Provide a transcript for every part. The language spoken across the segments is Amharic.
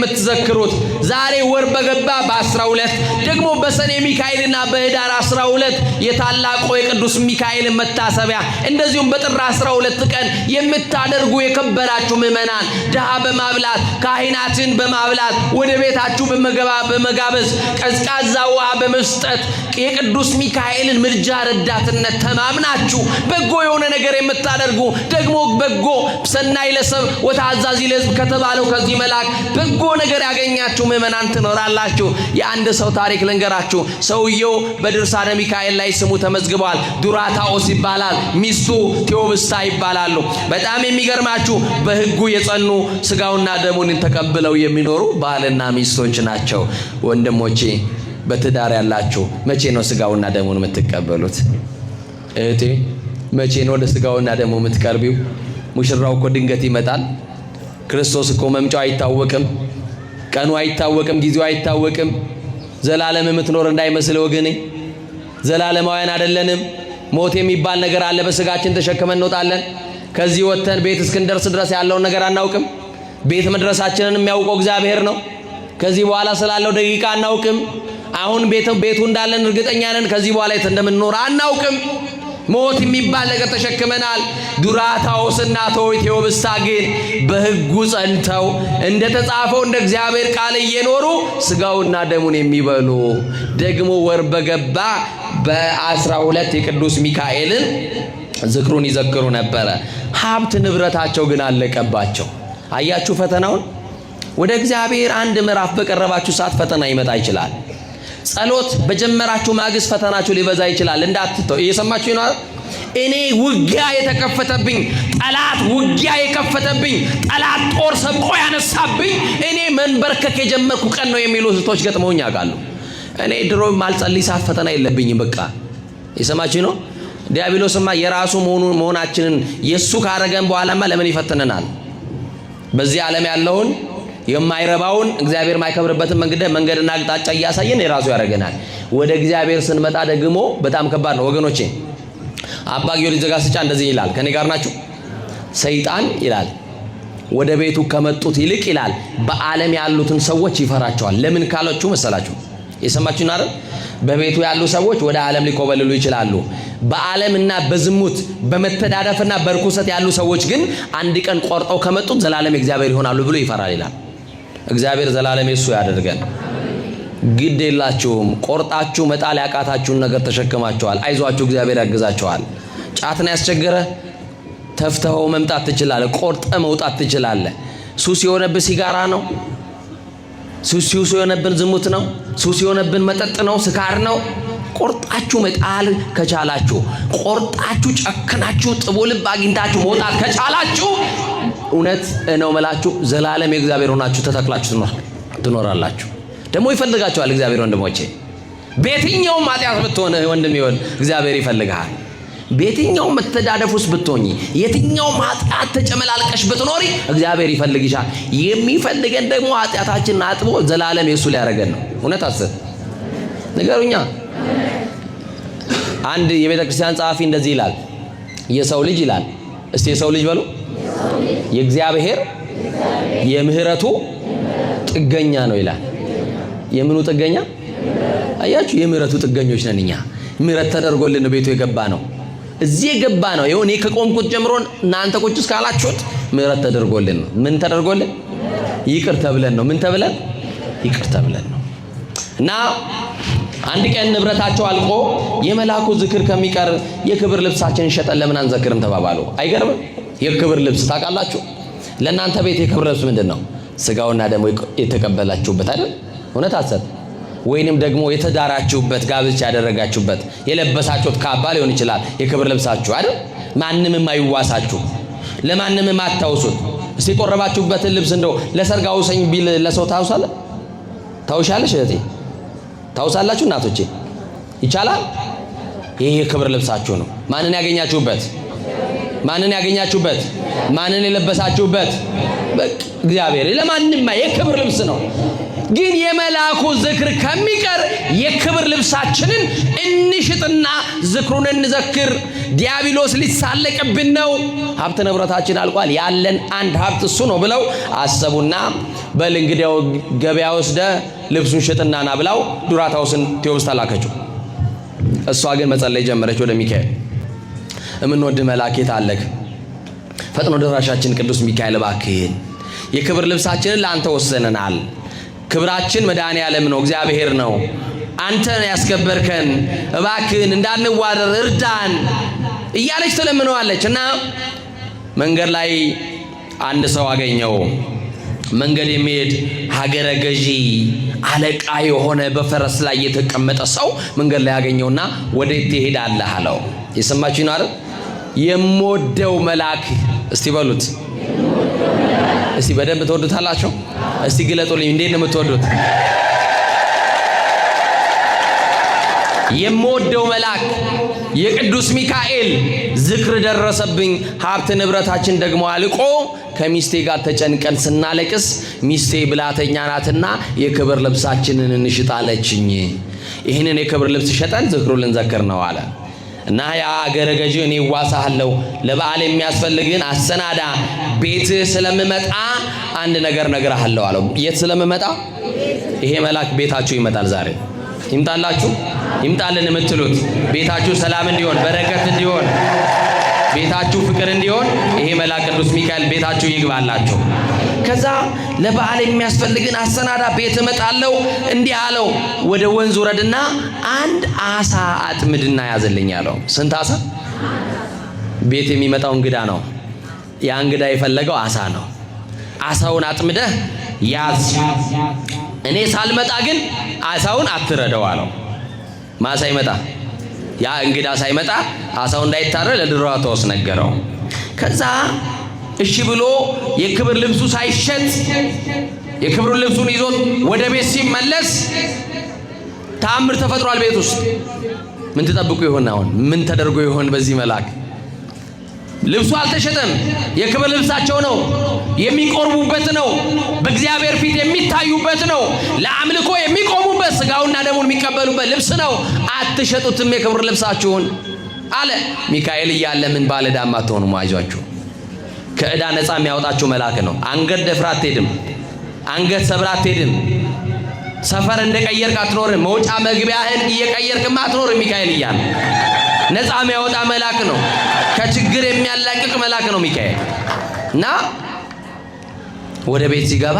የምትዘክሩት ዛሬ ወር በገባ በ12 ደግሞ በሰኔ ሚካኤልና በህዳር 12 የታላቁ የቅዱስ ሚካኤል መታሰቢያ እንደዚሁም በጥር 12 ቀን የምታደርጉ የከበራችሁ ምእመናን ድሃ በማብላት ካህናትን በማብላት ወደ ቤታችሁ በመጋበዝ ቀዝቃዛ ውሃ በመስጠት የቅዱስ ሚካኤልን ምልጃ ረዳትነት ተማምናችሁ በጎ የሆነ ነገር የምታደርጉ ደግሞ በጎ ሰናይ ለሰብ ወታዛዚ ለህዝብ ከተባለው ከዚህ መልአክ በጎ ነገር ያገኛችሁ ምእመናን ትኖራላችሁ። የአንድ ሰው ታሪክ ልንገራችሁ። ሰውየው በድርሳነ ሚካኤል ላይ ስሙ ተመዝግቧል። ዱራታኦስ ይባላል። ሚስቱ ቴዎብስታ ይባላሉ። በጣም የሚገርማችሁ በሕጉ የጸኑ ስጋውና ደሙን ተቀብለው የሚኖሩ ባልና ሚስቶች ናቸው። ወንድሞቼ በትዳር ያላችሁ መቼ ነው ስጋውና ደሙን የምትቀበሉት? እህቴ መቼ ነው ወደ ስጋውና ደሙ የምትቀርቢው? ሙሽራው እኮ ድንገት ይመጣል። ክርስቶስ እኮ መምጫው አይታወቅም። ቀኑ አይታወቅም፣ ጊዜው አይታወቅም። ዘላለም የምትኖር እንዳይመስል ወገኔ፣ ዘላለማውያን አይደለንም። ሞት የሚባል ነገር አለ፣ በስጋችን ተሸክመን እንወጣለን። ከዚህ ወጥተን ቤት እስክንደርስ ድረስ ያለውን ነገር አናውቅም። ቤት መድረሳችንን የሚያውቀው እግዚአብሔር ነው። ከዚህ በኋላ ስላለው ደቂቃ አናውቅም። አሁን ቤቱ እንዳለን እርግጠኛ ነን። ከዚህ በኋላ የት እንደምንኖር አናውቅም። ሞት የሚባል ነገር ተሸክመናል። ዱራታዎስና ቶይቴዎ ግን በሕጉ ጸንተው እንደ ተጻፈው እንደ እግዚአብሔር ቃል እየኖሩ ስጋውና ደሙን የሚበሉ ደግሞ ወር በገባ በአስራ ሁለት የቅዱስ ሚካኤልን ዝክሩን ይዘክሩ ነበረ። ሀብት ንብረታቸው ግን አለቀባቸው። አያችሁ ፈተናውን። ወደ እግዚአብሔር አንድ ምዕራፍ በቀረባችሁ ሰዓት ፈተና ይመጣ ይችላል። ጸሎት በጀመራችሁ ማግስት ፈተናችሁ ሊበዛ ይችላል። እንዳትተው። እየሰማችሁ ነው። እኔ ውጊያ የተከፈተብኝ ጠላት ውጊያ የከፈተብኝ ጠላት ጦር ሰብቆ ያነሳብኝ እኔ መንበርከክ የጀመርኩ ቀን ነው የሚሉ እህቶች ገጥመውኝ ያውቃሉ። እኔ ድሮ ማልጸልይ ሰዓት ፈተና የለብኝም። በቃ እየሰማችሁ ነው። ዲያብሎስማ የራሱ መሆናችንን የእሱ ካረገን በኋላማ ለምን ይፈትነናል? በዚህ ዓለም ያለውን የማይረባውን እግዚአብሔር የማይከብርበትን መንገድ መንገድና አቅጣጫ እያሳየን የራሱ ያደርገናል። ወደ እግዚአብሔር ስንመጣ ደግሞ በጣም ከባድ ነው ወገኖቼ። አባ ጊዮርጊስ ዘጋስጫ እንደዚህ ይላል፣ ከኔ ጋር ናችሁ? ሰይጣን ይላል ወደ ቤቱ ከመጡት ይልቅ ይላል በዓለም ያሉትን ሰዎች ይፈራቸዋል። ለምን ካላችሁ መሰላችሁ የሰማችሁና አይደል? በቤቱ ያሉ ሰዎች ወደ ዓለም ሊኮበልሉ ይችላሉ። በዓለምና በዝሙት በመተዳደፍና በርኩሰት ያሉ ሰዎች ግን አንድ ቀን ቆርጠው ከመጡት ዘላለም እግዚአብሔር ይሆናሉ ብሎ ይፈራል ይላል። እግዚአብሔር ዘላለም የሱ ያደርገን። ግድ የላችሁም። ቆርጣችሁ መጣል ያቃታችሁን ነገር ተሸክማችኋል። አይዟችሁ፣ እግዚአብሔር ያግዛችኋል። ጫትን ያስቸገረ ተፍተኸው መምጣት ትችላለ፣ ቆርጠ መውጣት ትችላለ። ሱስ የሆነብን ሲጋራ ነው። ሱስ የሆነብን ዝሙት ነው። ሱስ የሆነብን መጠጥ ነው፣ ስካር ነው። ቆርጣችሁ መጣል ከቻላችሁ፣ ቆርጣችሁ ጨክናችሁ ጥቡ ልብ አግኝታችሁ መውጣት ከቻላችሁ፣ እውነት ነው መላችሁ ዘላለም የእግዚአብሔር ሆናችሁ ተተክላችሁ ትኖራላችሁ። ደግሞ ይፈልጋችኋል እግዚአብሔር ወንድሞቼ። በየትኛውም ኃጢአት ብትሆን ወንድም ይሆን እግዚአብሔር ይፈልግሃል። በየትኛውም መተዳደፍ ውስጥ ብትሆኝ፣ የትኛውም ኃጢአት ተጨመላልቀሽ ብትኖሪ እግዚአብሔር ይፈልግሻል። የሚፈልገን ደግሞ ኃጢአታችንን አጥቦ ዘላለም የእሱ ሊያደርገን ነው። እውነት አስብ ነገሩኛ አንድ የቤተ ክርስቲያን ጸሐፊ እንደዚህ ይላል፣ የሰው ልጅ ይላል። እስቲ የሰው ልጅ በሉ። የእግዚአብሔር የምህረቱ ጥገኛ ነው ይላል። የምኑ ጥገኛ? አያችሁ፣ የምህረቱ ጥገኞች ነን እኛ። ምህረት ተደርጎልን ቤቱ የገባ ነው፣ እዚህ የገባ ነው። ይኸው እኔ ከቆምኩት ጀምሮ እናንተ ቁጭ እስካላችሁት ምህረት ተደርጎልን ነው። ምን ተደርጎልን? ይቅር ተብለን ነው። ምን ተብለን? ይቅር ተብለን ነው እና አንድ ቀን ንብረታቸው አልቆ የመላኩ ዝክር ከሚቀር የክብር ልብሳችንን ሸጠን ለምን አንዘክርም ተባባሉ። አይገርምም? የክብር ልብስ ታውቃላችሁ? ለእናንተ ቤት የክብር ልብስ ምንድን ነው? ስጋውና ደግሞ የተቀበላችሁበት አይደል? እውነት አሰብ ወይንም ደግሞ የተዳራችሁበት ጋብቻ ያደረጋችሁበት የለበሳችሁት ካባ ሊሆን ይችላል። የክብር ልብሳችሁ አይደል? ማንም የማይዋሳችሁ ለማንምም ማታውሱት እስቲ የቆረባችሁበትን ልብስ እንደው ለሰርግ አውሰኝ ቢል ለሰው ታውሳለ ታውሻለሽ እህቴ ታውሳላችሁ እናቶቼ፣ ይቻላል። ይህ የክብር ልብሳችሁ ነው። ማንን ያገኛችሁበት? ማንን ያገኛችሁበት? ማንን የለበሳችሁበት? እግዚአብሔር። ለማንም የክብር ልብስ ነው። ግን የመልአኩ ዝክር ከሚቀር የክብር ልብሳችንን እንሽጥና ዝክሩን እንዘክር። ዲያብሎስ ሊሳለቅብን ነው። ሀብት ንብረታችን አልቋል። ያለን አንድ ሀብት እሱ ነው ብለው አሰቡና በል እንግዲያው ገበያ ወስደ ልብሱን ሽጥና ና ብላው ዱራታውስን ቴዎብስ ታላከችው። እሷ ግን መጸለይ ጀመረች ወደ ሚካኤል። እምንወድ መላኬት አለክ ፈጥኖ ደራሻችን ቅዱስ ሚካኤል እባክህን የክብር ልብሳችንን ለአንተ ወስነናል። ክብራችን መድኃኔ ዓለም ነው፣ እግዚአብሔር ነው። አንተን ያስከበርከን እባክህን እንዳንዋረር እርዳን እያለች ትለምነዋለች እና መንገድ ላይ አንድ ሰው አገኘው። መንገድ የሚሄድ ሀገረ ገዢ አለቃ የሆነ በፈረስ ላይ የተቀመጠ ሰው መንገድ ላይ ያገኘውና ወዴት ትሄዳለህ አለው። የሰማችሁ ነው አይደል? የምወደው መልአክ እስቲ በሉት እስቲ በደንብ ትወዱታላችሁ። እስቲ ግለጡልኝ፣ እንዴት ነው የምትወዱት? የምወደው መልአክ የቅዱስ ሚካኤል ዝክር ደረሰብኝ። ሀብት ንብረታችን ደግሞ አልቆ ከሚስቴ ጋር ተጨንቀን ስናለቅስ ሚስቴ ብላተኛ ናትና የክብር ልብሳችንን እንሽጣለችኝ። ይህንን የክብር ልብስ ሸጠን ዝክሩ ልንዘክር ነው አለ እና ያ አገረ ገዢ እኔ እዋሳሃለሁ፣ ለበዓል የሚያስፈልግን አሰናዳ፣ ቤት ስለምመጣ አንድ ነገር ነግረሃለሁ አለው። የት ስለምመጣ? ይሄ መልአክ ቤታችሁ ይመጣል ዛሬ ይምጣላችሁ ይምጣልን የምትሉት ቤታችሁ ሰላም እንዲሆን በረከት እንዲሆን ቤታችሁ ፍቅር እንዲሆን ይሄ መልአክ ቅዱስ ሚካኤል ቤታችሁ ይግባላችሁ። ከዛ ለበዓል የሚያስፈልግን አሰናዳ ቤት እመጣለሁ እንዲህ አለው። ወደ ወንዝ ውረድና አንድ አሳ አጥምድና ያዘልኝ አለው። ስንት አሳ? ቤት የሚመጣው እንግዳ ነው። ያ እንግዳ የፈለገው አሳ ነው። አሳውን አጥምደህ ያዝ እኔ ሳልመጣ ግን አሳውን አትረደው አለው። ማ ሳይመጣ ያ እንግዳ ሳይመጣ አሳው እንዳይታረ ለድራታዎስ ነገረው። ከዛ እሺ ብሎ የክብር ልብሱ ሳይሸጥ የክብሩ ልብሱን ይዞ ወደ ቤት ሲመለስ ተአምር ተፈጥሯል። ቤት ውስጥ ምን ትጠብቁ ይሆን? አሁን ምን ተደርጎ ይሆን? በዚህ መልአክ ልብሱ አልተሸጠም። የክብር ልብሳቸው ነው። የሚቆርቡበት ነው። በእግዚአብሔር ፊት የሚታዩበት ነው። ለአምልኮ የሚቆሙበት ስጋውና ደሙን የሚቀበሉበት ልብስ ነው። አትሸጡትም የክብር ልብሳችሁን አለ። ሚካኤል እያለ ምን ባለ ዕዳም አትሆኑም። አይዟችሁ፣ ከዕዳ ነፃ የሚያወጣችሁ መልአክ ነው። አንገት ደፍራ አትሄድም። አንገት ሰብራ አትሄድም። ሰፈር እንደቀየርክ አትኖርም። መውጫ መግቢያህን እየቀየርክማ አትኖርም። ሚካኤል እያለ ነፃ የሚያወጣ መልአክ ነው። ከችግር የሚያላቅቅ መልአክ ነው ሚካኤል። እና ወደ ቤት ሲገባ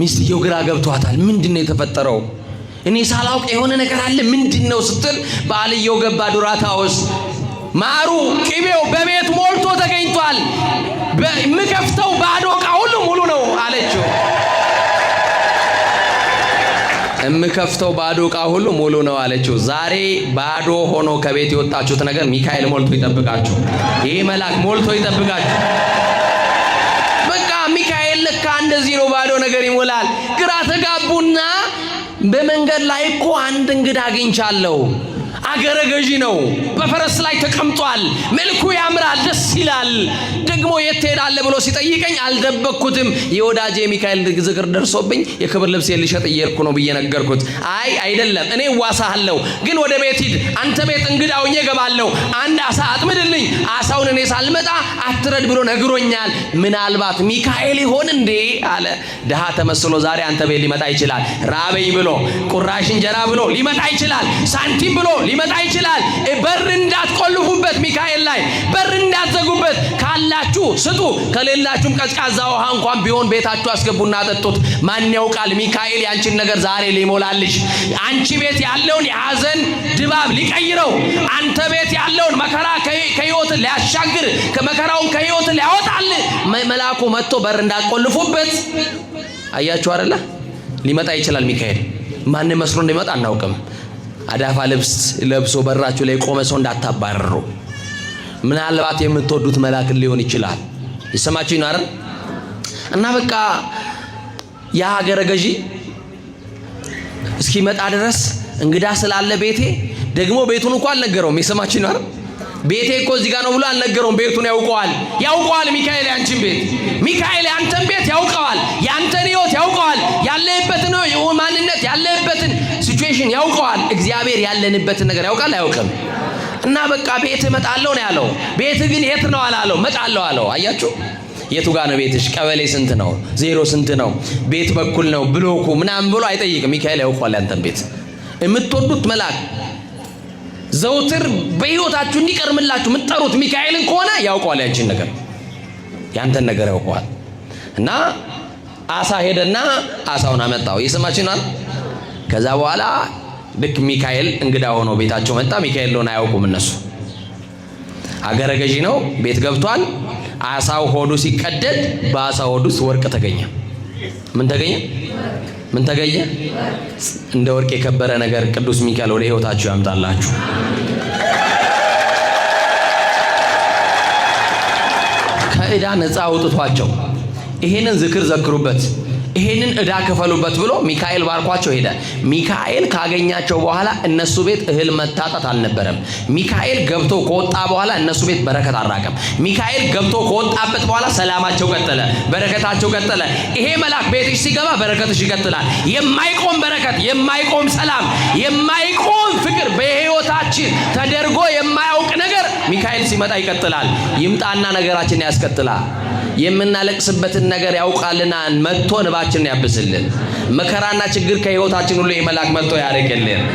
ሚስትየው ግራ ገብቷታል። ምንድን ነው የተፈጠረው? እኔ ሳላውቅ የሆነ ነገር አለ ምንድን ነው ስትል ባልየው ገባ። ዱራታ ውስጥ ማሩ ቅቤው በቤት ሞልቶ ተገኝቷል። የምከፍተው ባዶ ሁሉ ሙሉ ነው አለችው። የምከፍተው ባዶ እቃ ሁሉ ሙሉ ነው አለችው። ዛሬ ባዶ ሆኖ ከቤት የወጣችሁት ነገር ሚካኤል ሞልቶ ይጠብቃችሁ። ይሄ መልአክ ሞልቶ ይጠብቃችሁ። በቃ ሚካኤል ልካ እንደዚህ ነው፣ ባዶ ነገር ይሞላል። ግራ ተጋቡና በመንገድ ላይ እኮ አንድ እንግዳ አግኝቻለሁ አገረ ገዢ ነው። በፈረስ ላይ ተቀምጧል። መልኩ ያምራል፣ ደስ ይላል። ደግሞ የት ትሄዳለህ ብሎ ሲጠይቀኝ አልደበቅኩትም። የወዳጄ ሚካኤል ዝክር ደርሶብኝ የክብር ልብስ ልሸጥ እየሄድኩ ነው ብዬ ነገርኩት። አይ አይደለም፣ እኔ እዋሳሃለሁ፣ ግን ወደ ቤት ሂድ። አንተ ቤት እንግዳ ሆኜ እገባለሁ። አንድ አሳ አጥምድልኝ፣ አሳውን እኔ ሳልመጣ አትረድ ብሎ ነግሮኛል። ምናልባት ሚካኤል ይሆን እንዴ አለ። ድሃ ተመስሎ ዛሬ አንተ ቤት ሊመጣ ይችላል። ራበኝ ብሎ ቁራሽ እንጀራ ብሎ ሊመጣ ይችላል። ሳንቲም ብሎ ሊመጣ ይችላል። በር እንዳትቆልፉበት፣ ሚካኤል ላይ በር እንዳትዘጉበት። ካላችሁ ስጡ፣ ከሌላችሁም ቀዝቃዛ ውሃ እንኳን ቢሆን ቤታችሁ አስገቡና አጠጡት። ማን ያውቃል ሚካኤል ያንቺን ነገር ዛሬ ሊሞላልሽ፣ አንቺ ቤት ያለውን የሐዘን ድባብ ሊቀይረው፣ አንተ ቤት ያለውን መከራ ከህይወት ሊያሻግር፣ መከራውን ከህይወት ሊያወጣል መልአኩ መጥቶ በር እንዳትቆልፉበት። አያችሁ አይደለ? ሊመጣ ይችላል ሚካኤል። ማን መስሎ እንደሚመጣ አናውቅም። አዳፋ ልብስ ለብሶ በራችሁ ላይ ቆመ ሰው እንዳታባረሩ። ምናልባት የምትወዱት መልአክ ሊሆን ይችላል። የሰማችሁ ይናር እና በቃ የሀገረ ገዢ እስኪመጣ ድረስ እንግዳ ስላለ ቤቴ ደግሞ ቤቱን እኮ አልነገረውም። የሰማችሁ ይናር ቤቴ እኮ እዚህ ጋር ነው ብሎ አልነገረውም። ቤቱን ያውቀዋል፣ ያውቀዋል። ሚካኤል ያንቺን ቤት ሚካኤል ያንተን ቤት ያውቀዋል፣ ያንተን ህይወት ያውቀዋል፣ ያለህበትን ማንነት ያለህበትን ሲትዌሽን ያውቀዋል። እግዚአብሔር ያለንበትን ነገር ያውቃል አያውቅም? እና በቃ ቤት እመጣለሁ ነው ያለው። ቤት ግን የት ነው አላለው፣ እመጣለሁ አለው። አያችሁ የቱ ጋር ነው ቤትሽ? ቀበሌ ስንት ነው? ዜሮ ስንት ነው? ቤት በኩል ነው ብሎኩ ምናምን ብሎ አይጠይቅም። ሚካኤል ያውቋል ያንተን ቤት። የምትወዱት መልአክ ዘውትር በህይወታችሁ እንዲቀርምላችሁ የምትጠሩት ሚካኤልን ከሆነ ያውቀዋል ያንቺን ነገር፣ ያንተን ነገር ያውቀዋል። እና አሳ ሄደና አሳውን አመጣው። ይስማችናል ከዛ በኋላ ልክ ሚካኤል እንግዳ ሆኖ ቤታቸው መጣ። ሚካኤል ሆነ አያውቁም እነሱ። አገረ ገዢ ነው። ቤት ገብቷል። አሳው ሆዱ ሲቀደድ በአሳው ሆዱ ውስጥ ወርቅ ተገኘ። ምን ተገኘ? ምን ተገኘ? እንደ ወርቅ የከበረ ነገር ቅዱስ ሚካኤል ወደ ህይወታችሁ ያምጣላችሁ። ከእዳ ነፃ አውጥቷቸው። ይሄንን ዝክር ዘክሩበት። ይሄንን እዳ ክፈሉበት ብሎ ሚካኤል ባርኳቸው ሄደ። ሚካኤል ካገኛቸው በኋላ እነሱ ቤት እህል መታጣት አልነበረም። ሚካኤል ገብቶ ከወጣ በኋላ እነሱ ቤት በረከት አራቀም። ሚካኤል ገብቶ ከወጣበት በኋላ ሰላማቸው ቀጠለ፣ በረከታቸው ቀጠለ። ይሄ መልአክ ቤትሽ ሲገባ በረከትሽ ይቀጥላል። የማይቆም በረከት፣ የማይቆም ሰላም፣ የማይቆም ፍቅር በህይወታችን ተደርጎ የማያውቅ ነገር ሚካኤል ሲመጣ ይቀጥላል። ይምጣና ነገራችን ያስቀጥላል። የምናለቅስበትን ነገር ያውቃልና መጥቶ እንባችንን ያብስልን። መከራና ችግር ከህይወታችን ሁሉ የመላክ መጥቶ ያርቅልን።